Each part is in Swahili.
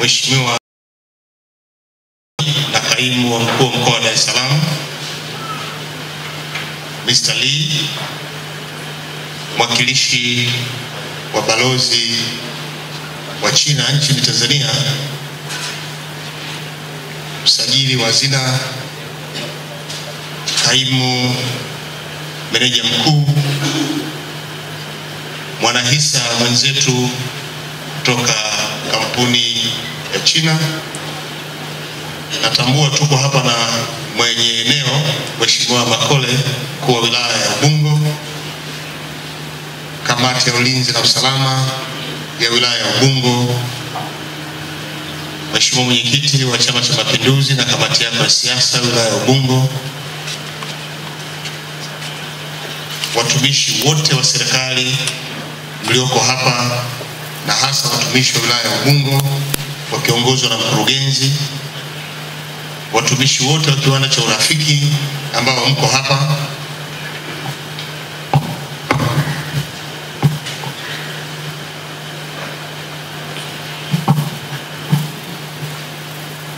Mheshimiwa na kaimu wa mkuu wa mkoa wa Dar es Salaam Mr. Lee, mwakilishi wa balozi wa China nchini Tanzania, msajili wa hazina, kaimu meneja mkuu, mwanahisa mwenzetu kutoka kampuni ya China. Natambua tuko hapa na mwenye eneo Mheshimiwa Makole, mkuu wa wilaya ya Ubungo, kamati ya ulinzi na usalama ya wilaya ya Ubungo, Mheshimiwa mwenyekiti wa Chama cha Mapinduzi na kamati yako ya siasa wilaya ya Ubungo, watumishi wote wa serikali mlioko hapa na hasa watumishi wa wilaya ya Ubungo wakiongozwa na mkurugenzi, watumishi wote wa kiwanda cha Urafiki ambao mko hapa,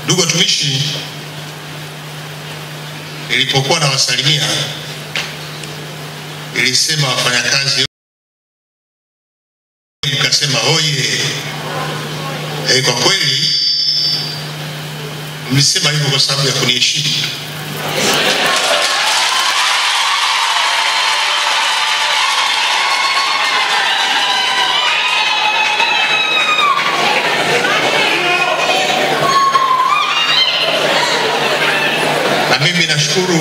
ndugu watumishi, nilipokuwa nawasalimia ilisema wafanyakazi nikasema oye. E, kwa kweli mlisema hivyo kwa sababu ya kuniheshimu na mimi nashukuru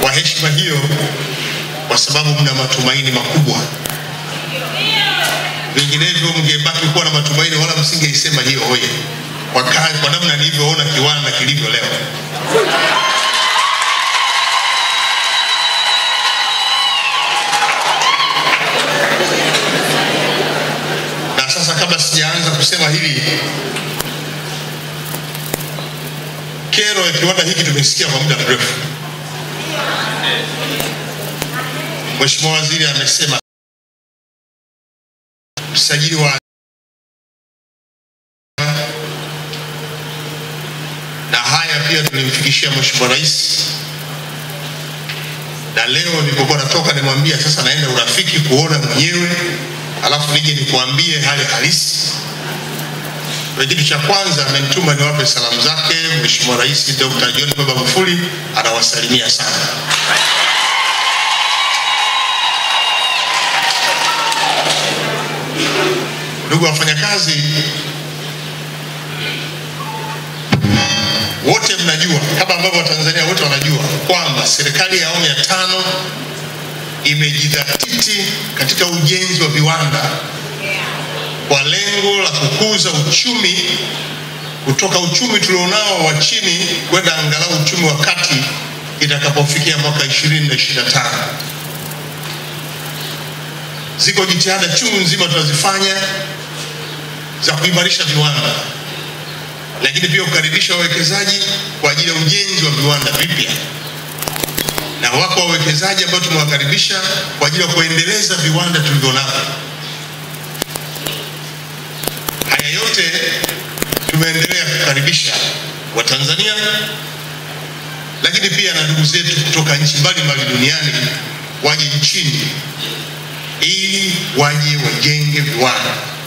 kwa heshima hiyo, kwa sababu mna matumaini makubwa vinginevyo mngebaki kuwa na matumaini wala msingeisema hiyo hoja kwa, kwa namna nilivyoona kiwanda kilivyo leo. Na sasa kabla sijaanza kusema hili, kero ya kiwanda hiki tumesikia kwa muda mrefu. Mheshimiwa Waziri amesema usajili wa na haya pia tulimfikishia Mheshimiwa Rais, na leo nilipokuwa natoka nimwambia sasa naenda urafiki kuona mwenyewe, alafu nije nikuambie hali halisi. Kitu cha kwanza amenituma niwape salamu zake Mheshimiwa Rais Dr. John Baba Magufuli, anawasalimia sana. Ndugu wafanyakazi wote, mnajua kama ambavyo Watanzania wote wanajua kwamba serikali ya awamu ya tano imejidhatiti katika ujenzi wa viwanda kwa lengo la kukuza uchumi kutoka uchumi tulionao wa chini kwenda angalau uchumi wa kati itakapofikia mwaka 2025. Ziko jitihada chungu nzima tunazifanya za kuimarisha viwanda, lakini pia kukaribisha wawekezaji kwa ajili ya ujenzi wa viwanda vipya, na wako wawekezaji ambao tumewakaribisha kwa ajili ya kuendeleza viwanda tulivyonavyo. Haya yote tumeendelea kukaribisha Watanzania, lakini pia na ndugu zetu kutoka nchi mbalimbali duniani waje nchini ili waje wajenge viwanda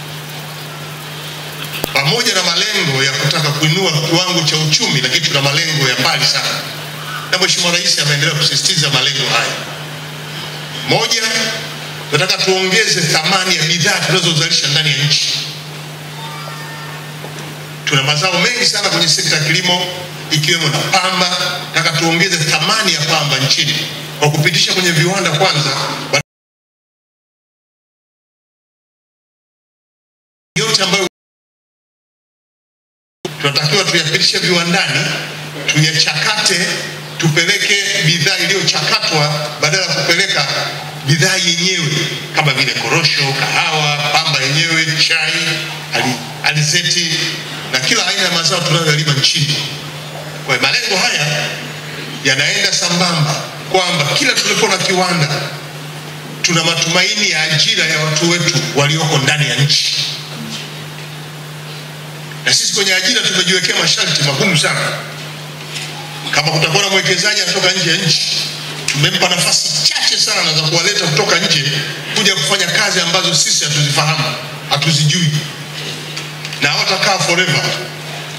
pamoja na malengo ya kutaka kuinua kiwango cha uchumi, lakini tuna malengo ya mbali sana, na Mheshimiwa Rais ameendelea kusisitiza malengo haya. Moja, tunataka tuongeze thamani ya bidhaa tunazozalisha ndani ya nchi. Tuna mazao mengi sana kwenye sekta ya kilimo ikiwemo na pamba. Nataka tuongeze thamani ya pamba nchini kwa kupitisha kwenye viwanda kwanza. tunatakiwa tuyapitishe viwandani, tuyachakate, tupeleke bidhaa iliyochakatwa badala ya kupeleka bidhaa yenyewe kama vile korosho, kahawa, pamba yenyewe, chai, alizeti na kila aina ya mazao tunayoyalima nchini. Kwa malengo haya yanaenda sambamba kwamba kila tulipo na kiwanda tuna matumaini ya ajira ya watu wetu walioko ndani ya nchi. Na sisi kwenye ajira tumejiwekea masharti magumu sana. Kama kutakuwa na mwekezaji anatoka nje ya nchi, tumempa nafasi chache sana za kuwaleta kutoka nje kuja kufanya kazi ambazo sisi hatuzifahamu, hatuzijui, na watakaa forever,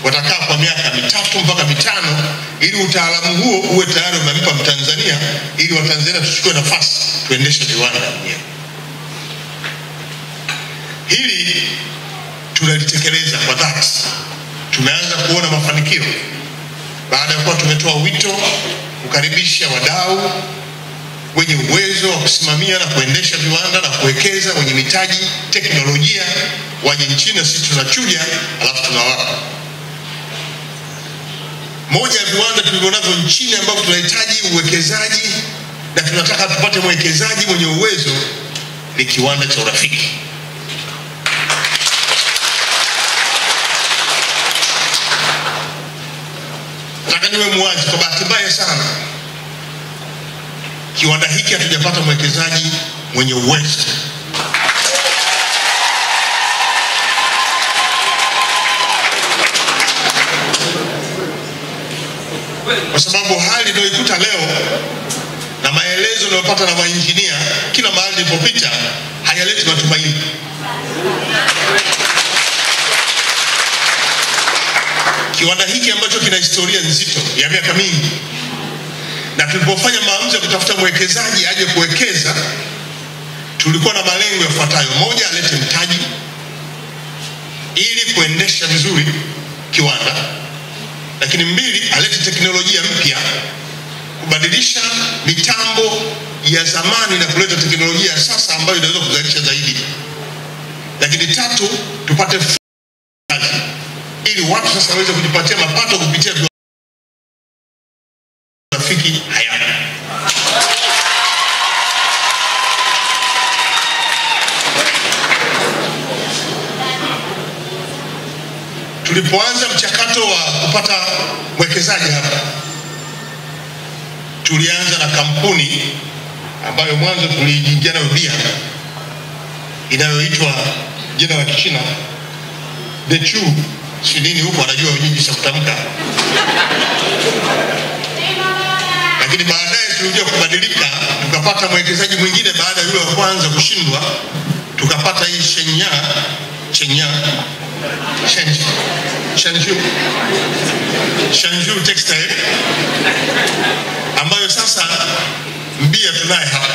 watakaa kwa miaka mitatu mpaka mitano, ili utaalamu huo uwe tayari umempa Mtanzania, ili Watanzania tuchukue nafasi tuendeshe viwanda wenyewe. Hili tunalitekeleza kwa dhati. Tumeanza kuona mafanikio baada ya kuwa tumetoa wito kukaribisha wadau wenye uwezo wa kusimamia na kuendesha viwanda na kuwekeza, wenye mitaji, teknolojia waje nchini na sisi tunachuja, alafu tunawapa. Moja ya viwanda tulivyonavyo nchini ambavyo tunahitaji uwekezaji na tunataka tupate mwekezaji mwenye uwezo ni kiwanda cha Urafiki. niwe yaani muwazi, kwa bahati mbaya sana kiwanda hiki hatujapata mwekezaji mwenye uwezo. Kwa sababu hali inayoikuta leo na maelezo unayopata na mainjinia kila mahali nilipopita hayaleti matumaini. Kiwanda hiki ambacho kina historia nzito ya miaka mingi, na tulipofanya maamuzi ya kutafuta mwekezaji aje kuwekeza, tulikuwa na malengo yafuatayo: moja, alete mtaji ili kuendesha vizuri kiwanda, lakini mbili, alete teknolojia mpya kubadilisha mitambo ya zamani na kuleta teknolojia ya sasa ambayo inaweza kuzalisha zaidi, lakini tatu, tupate ili watu sasa waweze kujipatia mapato kupitia rafiki haya Tulipoanza mchakato wa kupata mwekezaji hapa, tulianza na kampuni ambayo mwanzo tulijiingia nayo bia inayoitwa jina la Kichina true sijui nini huko, anajua jinsi ya kutamka lakini baadaye tulikuja kubadilika, tukapata mwekezaji mwingine baada ya yule wa kwanza kushindwa, tukapata hii Shenya Shenya Shenju Shenju Shenju Textile ambayo sasa mbia tunaye hapa.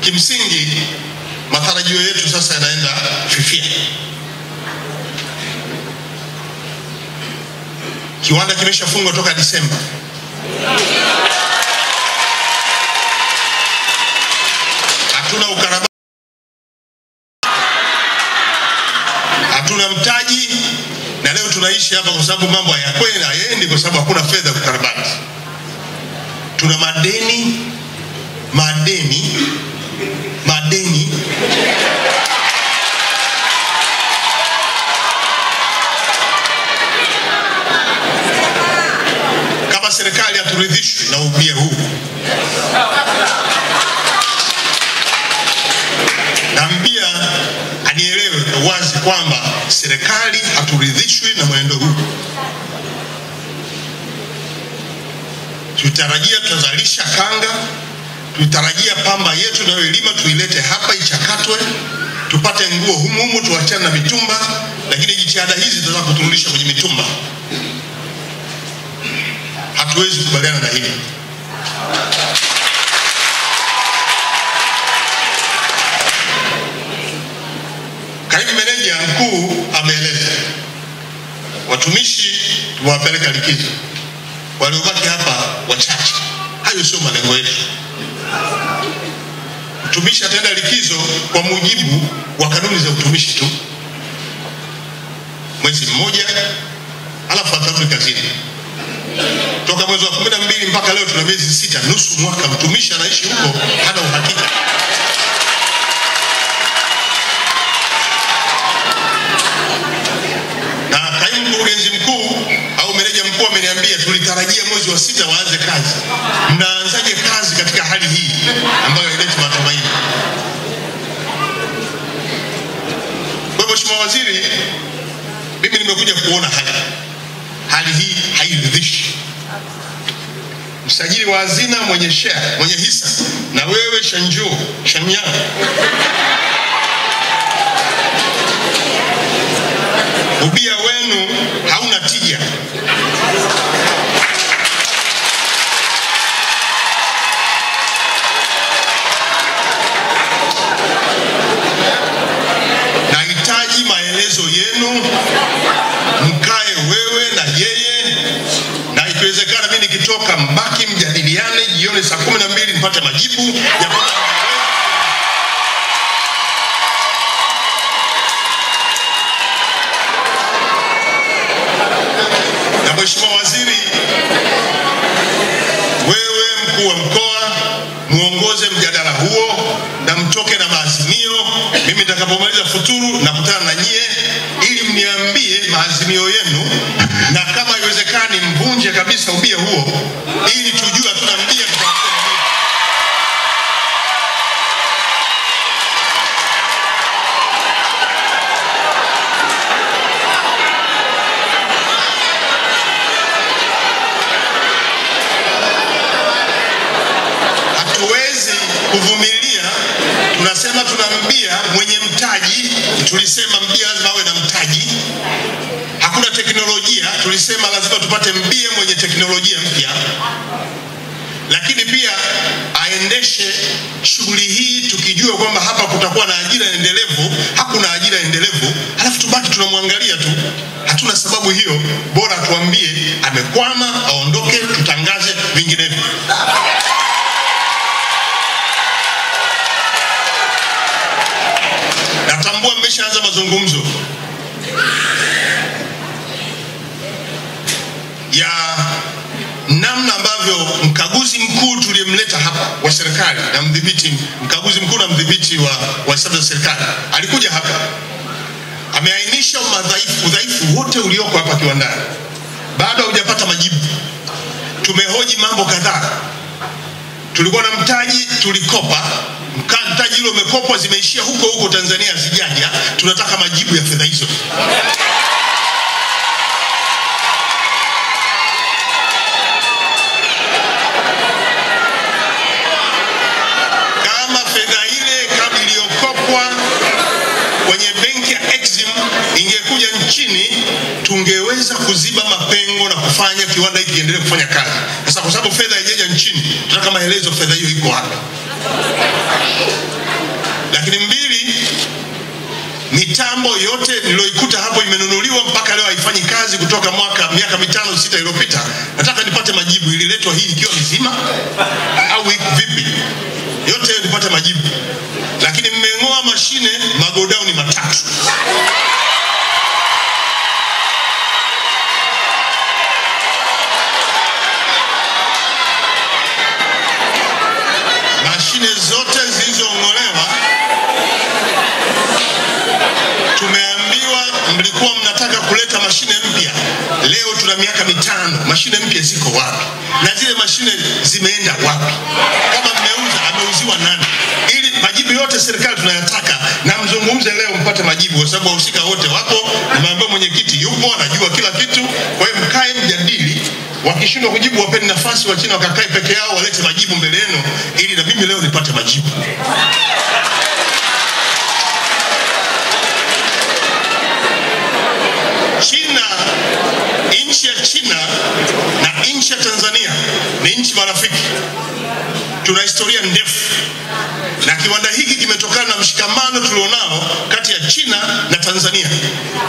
Kimsingi matarajio yetu sasa yanaenda fifia. Kiwanda kimeshafungwa toka Disemba. Hatuna ukarabati, hatuna mtaji, na leo tunaishi hapa kwa sababu mambo hayakwenda hayaendi, kwa sababu hakuna fedha kukarabati. Tuna madeni madeni nguvu naambia anielewe kwa wazi kwamba serikali haturidhishwi na mwendo huu tutarajia tutazalisha kanga tutarajia pamba yetu tunayoilima tuilete hapa ichakatwe tupate nguo humu, tuachane na mitumba lakini jitihada hizi zitaweza kuturudisha kwenye mitumba hatuwezi kukubaliana na hili mkuu ameeleza watumishi tumewapeleka likizo, waliobaki hapa wachache. Hayo sio malengo yetu. Mtumishi ataenda likizo kwa mujibu wa kanuni za utumishi tu, mwezi mmoja, alafu atarudi kazini. Toka mwezi wa kumi na mbili mpaka leo tuna miezi sita, nusu mwaka. Mtumishi anaishi huko, hana uhakika. moja tulitarajia mwezi wa sita waanze kazi. Mnaanzaje kazi katika hali hii ambayo haileti matumaini? Kwa Mheshimiwa Waziri, mimi nimekuja kuona hali hali hii hairidhishi. Msajili wa hazina mwenye share, mwenye hisa na wewe Shanjo Shanya ubia wenu hauna tija. wenu, mkae wewe na yeye, na ikiwezekana mimi nikitoka, mbaki mjadiliane, jioni saa kumi na mbili mpate majibu ya na Mheshimiwa Waziri, wewe mkuu wa mkoa muongoze mjadala huo na mtoke na maazimio. Mimi nitakapomaliza futuru nakutana na nyie maazimio yenu, na kama iwezekani mvunje kabisa ubia huo, ili tujue hatuna kuvumilia. Tunasema tunambia mwenye mtaji, tulisema mbia teknolojia, tulisema lazima tupate mbie mwenye teknolojia mpya, lakini pia aendeshe shughuli hii tukijua kwamba hapa kutakuwa na ajira endelevu. Hakuna ajira endelevu, halafu tubaki tunamwangalia tu. Hatuna sababu hiyo, bora tuambie amekwama, aondoke, tutangaze vinginevyo. Natambua mmeshaanza mazungumzo ambavyo mkaguzi mkuu tuliyemleta hapa wa serikali na mdhibiti, mkaguzi mkuu na mdhibiti wa, wa hesabu za serikali alikuja hapa, ameainisha madhaifu, udhaifu wote ulioko hapa kiwandani, bado hujapata majibu. Tumehoji mambo kadhaa, tulikuwa na mtaji, tulikopa mtaji ule umekopwa, zimeishia huko huko Tanzania, zijaja Tunataka majibu ya fedha hizo. ingekuja nchini tungeweza kuziba mapengo na kufanya kiwanda hiki kiendelee kufanya kazi. Sasa kwa sababu fedha haijaja nchini, tunataka maelezo, fedha hiyo iko wapi? Lakini mbili, mitambo yote niliyoikuta hapo imenunuliwa mpaka leo haifanyi kazi kutoka mwaka miaka mitano sita iliyopita. Nataka nipate majibu, ililetwa hii ikiwa mizima au vipi? Yote nipate majibu, lakini mmeng'oa mashine magodauni matatu mlikuwa mnataka kuleta mashine mpya, leo tuna miaka mitano, mashine mpya ziko wapi? Na zile mashine zimeenda wapi? Kama mmeuza, ameuziwa nani? Ili majibu yote serikali tunayataka, na mzungumze leo mpate majibu, kwa sababu wahusika wote wapo. Nimeambiwa mwenyekiti yupo, anajua kila kitu. Kwa hiyo mkae, mjadili wakishindwa kujibu wapeni nafasi wachina wakakae peke yao, walete majibu mbele yenu, ili na mimi leo nipate majibu. China na nchi ya Tanzania ni nchi marafiki, tuna historia ndefu, na kiwanda hiki kimetokana na mshikamano tulionao kati ya China na Tanzania.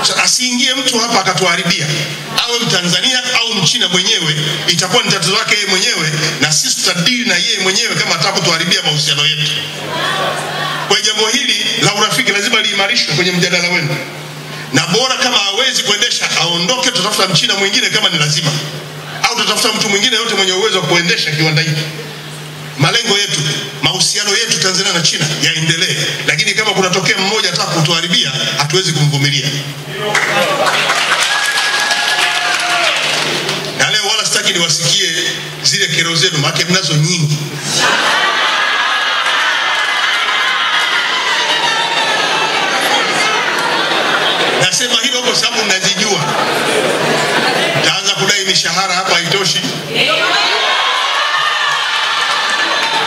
So, asiingie mtu hapa akatuharibia, awe Mtanzania au Mchina mwenyewe, itakuwa ni tatizo lake yeye mwenyewe, na sisi tutadili na yeye mwenyewe kama atakapotuharibia mahusiano yetu. Kwa jambo hili la urafiki lazima liimarishwe kwenye mjadala wenu na bora kama hawezi kuendesha aondoke, tutafuta mchina mwingine kama ni lazima, au tutafuta mtu mwingine yote mwenye uwezo wa kuendesha kiwanda hiki. Malengo yetu, mahusiano yetu Tanzania na China yaendelee, lakini kama kunatokea mmoja ataka kutuharibia, hatuwezi kumvumilia. Na leo wala sitaki niwasikie zile kero zenu, maana mnazo nyingi. kidogo, sababu nazijua. Taanza kudai mishahara hapa, haitoshi.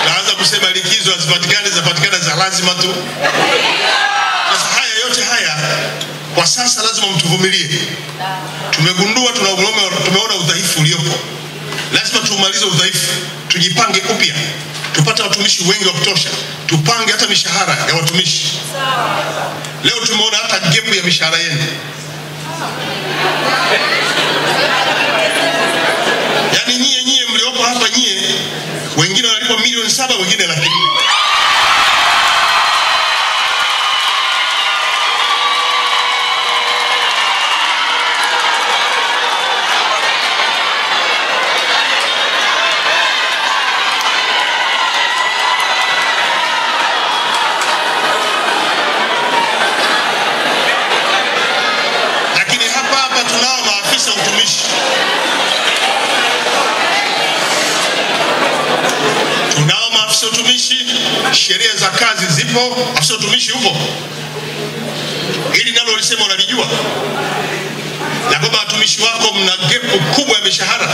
Taanza kusema likizo hazipatikani, zinapatikana za lazima tu. Sasa haya yote haya kwa sasa lazima mtuvumilie. Tumegundua tuna tumeona udhaifu uliopo, lazima tuumalize udhaifu, tujipange upya, tupate watumishi wengi wa kutosha tupange hata mishahara ya watumishi. Leo tumeona hata gepu ya mishahara yenu yaani nyie nyie mliopo hapa nyie, wengine wanalipwa milioni saba, wengine laki sheria za kazi zipo, afisa utumishi hupo. ili nalo lisema unalijua, na kwamba watumishi wako mna gepu kubwa ya mishahara.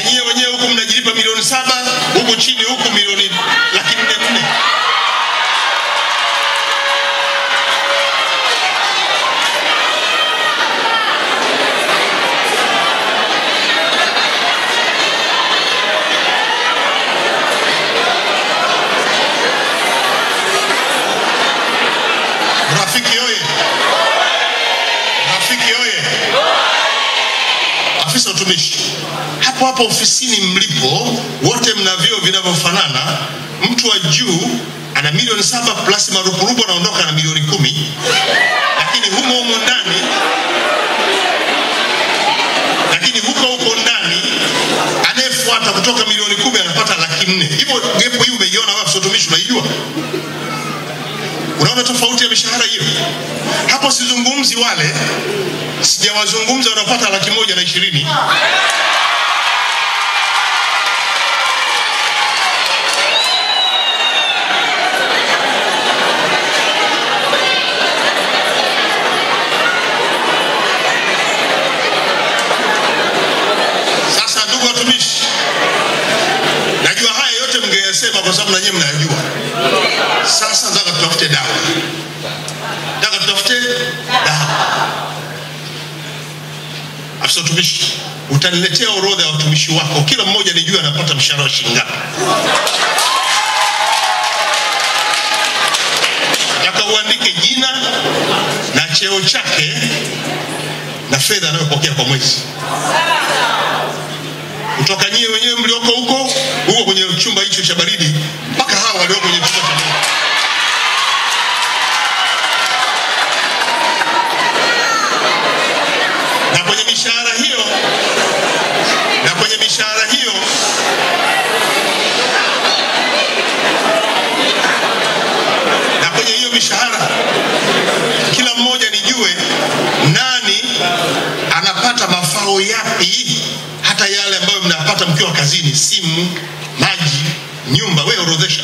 Enyewe eh, wenyewe huku mnajilipa milioni saba, huku chini huku milioni laki mtumishi. Hapo hapo ofisini mlipo wote mna vyeo vinavyofanana. Mtu wa juu ana milioni saba plus marupurupu anaondoka na milioni kumi, lakini humo humo ndani lakini huko huko ndani anayefuata kutoka milioni kumi anapata laki nne. Hivyo gepu hii umeiona wapi? Sotumishi, unaijua? Unaona tofauti ya mishahara hiyo? Hapo sizungumzi wale, sijawazungumza wanapata laki moja na ishirini Sasa ndugu watumishi, najua haya yote mngeyasema kwa sababu nanyie mnayajua sasa nataka utumishi, utaniletea orodha ya watumishi wako, kila mmoja nijue anapata mshahara wa shilingi ngapi. Nataka uandike jina na cheo chake na fedha anayopokea kwa mwezi kutoka nyie wenyewe mlioko huko huko kwenye chumba hicho cha baridi mpaka hawa walioko kwenye chumba cha Ishara hiyo na kwenye hiyo mishahara, kila mmoja nijue nani anapata mafao yapi, hata yale ambayo mnapata mkiwa kazini, simu, maji, nyumba. Wewe orodhesha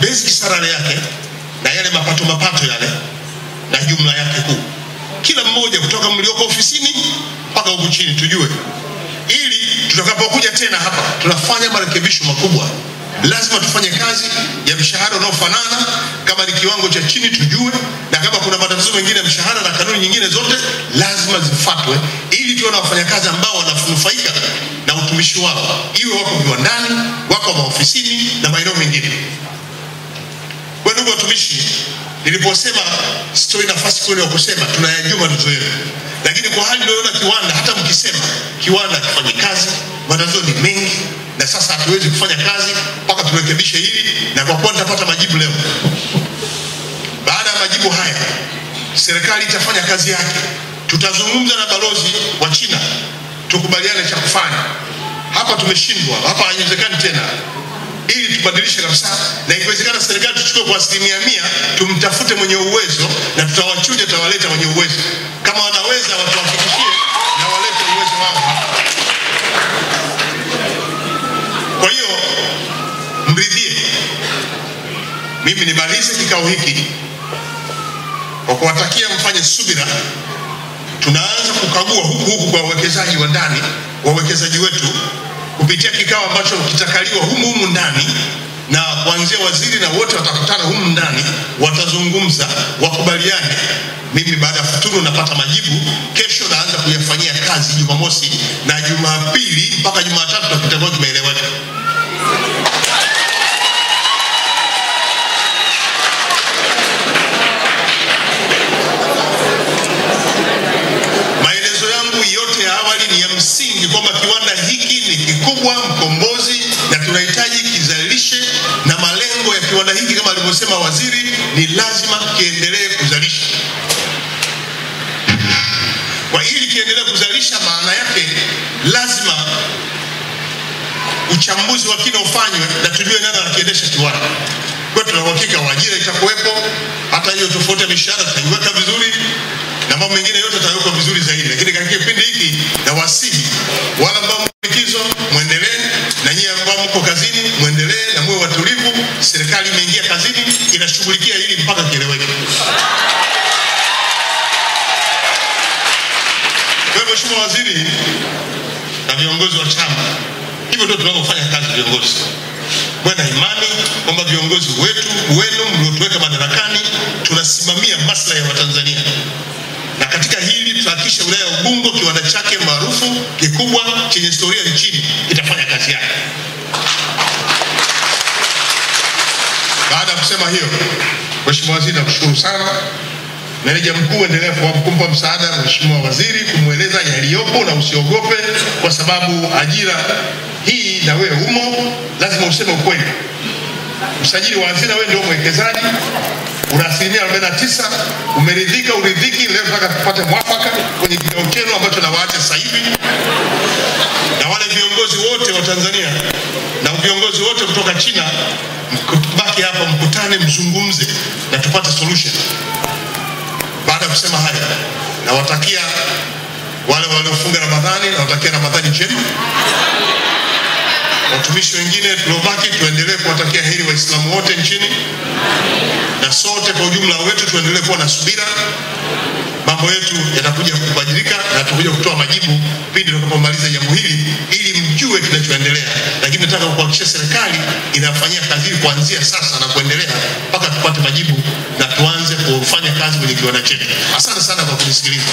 basic salary yake na yale mapato mapato yale na jumla yake kuu, kila mmoja kutoka mlioko ofisini mpaka huku chini, tujue tutakapokuja tena hapa tunafanya marekebisho makubwa. Lazima tufanye kazi ya mshahara unaofanana, kama ni kiwango cha chini tujue, na kama kuna matatizo mengine ya mishahara na kanuni nyingine zote lazima zifuatwe, ili tuwe na wafanyakazi ambao wananufaika na utumishi wao, iwe wako viwandani, wako maofisini na maeneo mengine. Kwa ndugu watumishi, niliposema sitoi nafasi kule ya kusema tunayajua matatizo yetu lakini kwa hali unayoona kiwanda, hata mkisema kiwanda kifanye kazi, matatizo ni mengi, na sasa hatuwezi kufanya kazi mpaka turekebishe hili, na kwa kuwa nitapata majibu leo. Baada ya majibu haya, serikali itafanya kazi yake. Tutazungumza na balozi wa China tukubaliane cha kufanya. Hapa tumeshindwa, hapa haiwezekani tena, ili tubadilishe kabisa, na ikiwezekana serikali tuchukue kwa asilimia mia, tumtafute mwenye uwezo na tutawachuja, tutawaleta wenye uwezo kama wanaweza watu wafikishie na walete uwezo wao. Kwa hiyo mridhie, mimi nimalize kikao hiki kwa kuwatakia mfanye subira. Tunaanza kukagua huku huku kwa wawekezaji wa ndani, wawekezaji wetu kupitia kikao ambacho kitakaliwa humu humu ndani na kuanzia waziri na wote watakutana humu ndani, watazungumza, wakubaliane mimi baada ya futuru napata majibu, kesho naanza kuyafanyia kazi Jumamosi na Jumapili mpaka Jumatatu tutakuta kwa kimeeleweka. Maelezo yangu yote ya awali ni ya msingi kwamba kiwanda hiki ni kikubwa Mkombozi, na tunahitaji kizalishe, na malengo ya kiwanda hiki kama alivyosema waziri, ni lazima kiendelee kuzalisha. Kwa ili kiendelea kuzalisha, maana yake lazima uchambuzi wa kina ufanywe na tujue nani anakiendesha kiwanda. Kwa tuna uhakika wa ajira itakuwepo, hata hiyo tofauti ya mishahara tutaiweka vizuri na mambo mengine yote yatawekwa vizuri zaidi, lakini katika kipindi hiki na wasihi wala ambao likizo muendelee na nyinyi ambao mko kazini muendelee na muwe watulivu. Serikali imeingia kazini, inashughulikia hili mpaka kieleweke. waziri na viongozi wa chama. Hivyo ndio tunavyofanya kazi viongozi. Kuwa na imani kwamba viongozi wetu wenu mliotuweka madarakani tunasimamia maslahi ya Watanzania, na katika hili tutahakikisha wilaya ya Ubungo, kiwanda chake maarufu kikubwa chenye historia nchini, itafanya kazi yake. Baada ya kusema hiyo, Mheshimiwa Waziri, nakushukuru sana. Meneja mkuu endelea hapo kumpa msaada mheshimiwa waziri, kumweleza yaliyopo na usiogope, kwa sababu ajira hii na wewe umo, lazima useme ukweli. Msajili wa hazina, wewe ndio mwekezaji, una asilimia 49. Umeridhika uridhiki, leo tunataka tupate mwafaka kwenye kikao chenu ambacho nawaacha sasa hivi, na wale viongozi wote wa Tanzania na viongozi wote kutoka China, baki hapa, mkutane, mzungumze na tupate solution. Baada ya kusema haya, nawatakia wale waliofunga Ramadhani, nawatakia Ramadhani njema. Watumishi wengine tuliobaki, tuendelee kuwatakia heri Waislamu wote nchini na sote kwa ujumla wetu, tuendelee kuwa na subira. Mambo yetu yatakuja kubadilika na tutakuja kutoa majibu pindi tunapomaliza jambo hili, ili mjue kinachoendelea. Lakini nataka kuhakikisha serikali inafanyia kazi kuanzia sasa na kuendelea mpaka tupate majibu na tuwa kufanya kazi kwenye kiwanda chetu. Asante sana kwa kunisikiliza.